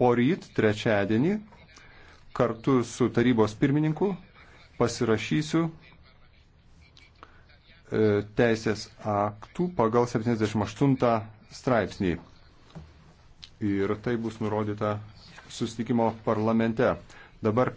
poryt, trečiadienį, kartu su tarybos pirmininku pasirašysiu e, teisės aktų pagal 78 straipsnį. Ir tai bus nurodyta sustikimo parlamente. Dabar